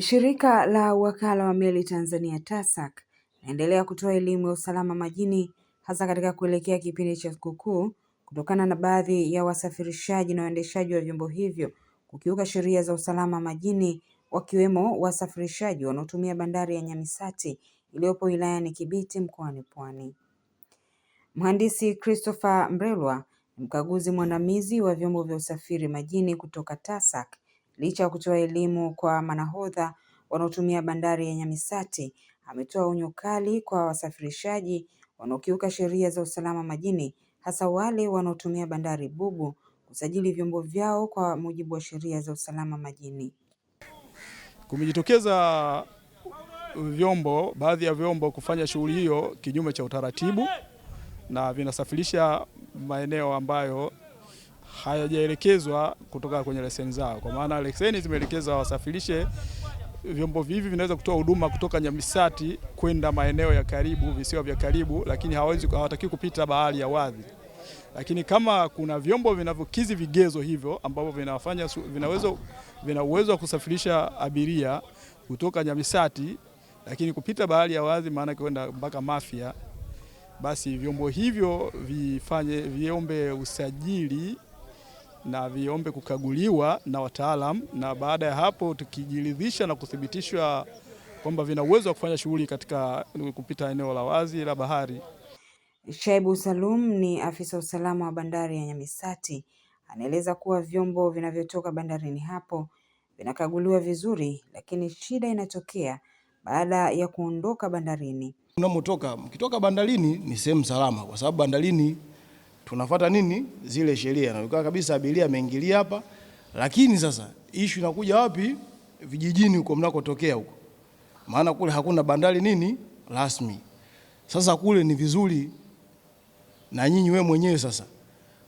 Shirika la Wakala wa Meli Tanzania TASAC naendelea kutoa elimu ya usalama majini hasa katika kuelekea kipindi cha sikukuu kutokana na baadhi ya wasafirishaji na waendeshaji wa vyombo hivyo kukiuka sheria za usalama majini wakiwemo wasafirishaji wanaotumia bandari ya Nyamisati iliyopo wilayani Kibiti mkoani Pwani. Mhandisi Christopher Mrelwa mkaguzi mwandamizi wa vyombo vya usafiri majini kutoka TASAC Licha ya kutoa elimu kwa manahodha wanaotumia bandari ya Nyamisati, ametoa onyo kali kwa wasafirishaji wanaokiuka sheria za usalama majini, hasa wale wanaotumia bandari bubu kusajili vyombo vyao kwa mujibu wa sheria za usalama majini. Kumejitokeza vyombo, baadhi ya vyombo kufanya shughuli hiyo kinyume cha utaratibu na vinasafirisha maeneo ambayo hayajaelekezwa kutoka kwenye leseni zao, kwa maana leseni zimeelekeza wasafirishe vyombo hivi vinaweza kutoa huduma kutoka Nyamisati kwenda maeneo ya karibu, visiwa vya karibu, lakini hawezi, hawataki kupita bahari ya wazi Lakini kama kuna vyombo vinavyokizi vigezo hivyo ambavyo vinafanya vinaweza vina uwezo wa kusafirisha abiria kutoka Nyamisati lakini kupita bahari ya wazi, maana kwenda mpaka Mafia, basi vyombo hivyo vifanye viombe usajili na viombe kukaguliwa na wataalam, na baada ya hapo tukijiridhisha na kuthibitishwa kwamba vina uwezo wa kufanya shughuli katika kupita eneo la wazi la bahari. Shaibu Salum ni afisa usalama wa bandari ya Nyamisati, anaeleza kuwa vyombo vinavyotoka bandarini hapo vinakaguliwa vizuri, lakini shida inatokea baada ya kuondoka bandarini. Unamotoka mkitoka bandarini ni sehemu salama, kwa sababu bandarini tunafuata nini zile sheria, na ukawa kabisa abiria ameingilia hapa. Lakini sasa ishu inakuja wapi? Vijijini huko mnakotokea huko, maana kule hakuna bandari nini rasmi. Sasa kule ni vizuri na nyinyi, wewe mwenyewe sasa,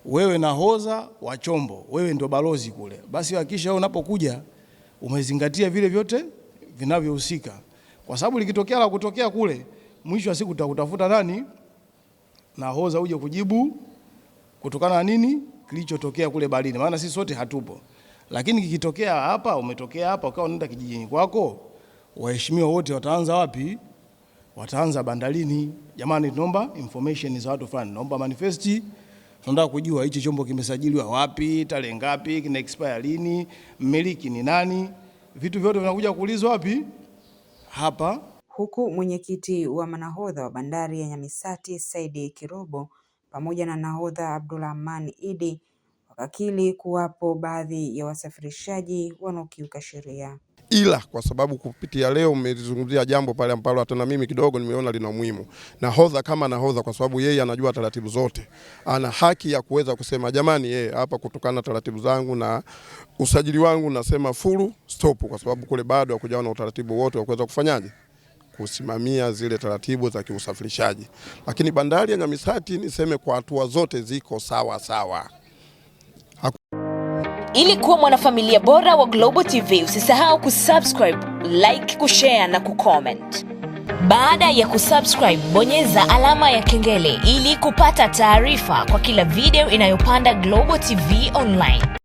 wewe nahoza wa chombo, wewe ndio balozi kule, basi hakikisha wewe unapokuja umezingatia vile vyote vinavyohusika, kwa sababu likitokea la kutokea kule, mwisho wa siku utakutafuta nani nahoza uje kujibu kutokana na nini kilichotokea kule baharini, maana sisi sote hatupo. Lakini kikitokea hapa, umetokea hapa ukawa unaenda kijijini kwako, waheshimiwa wote wataanza wapi? Wataanza bandarini. Jamani, tunaomba information za watu fulani, naomba manifesti tunataka kujua hichi chombo kimesajiliwa wapi, tarehe ngapi, kina expire lini, mmiliki ni nani. Vitu vyote vinakuja kuulizwa wapi? Hapa. Huku mwenyekiti wa manahodha wa bandari ya Nyamisati Saidi Kirobo pamoja na nahodha Abdulrahman Idi wakakiri kuwapo baadhi ya wasafirishaji wanaokiuka sheria, ila kwa sababu kupitia leo mmezungumzia jambo pale ambalo hata na mimi kidogo nimeona lina umuhimu. Nahodha kama nahodha, kwa sababu yeye anajua taratibu zote, ana haki ya kuweza kusema jamani, yeye hapa, kutokana na taratibu zangu na usajili wangu nasema furu stop, kwa sababu kule bado hakujaona utaratibu wote wa kuweza kufanyaje kusimamia zile taratibu za kiusafirishaji, lakini bandari ya Nyamisati niseme kwa hatua zote ziko sawa sawa. Ili kuwa mwanafamilia bora wa Global TV, usisahau kusubscribe, like, kushare na kucomment. Baada ya kusubscribe, bonyeza alama ya kengele ili kupata taarifa kwa kila video inayopanda Global TV Online.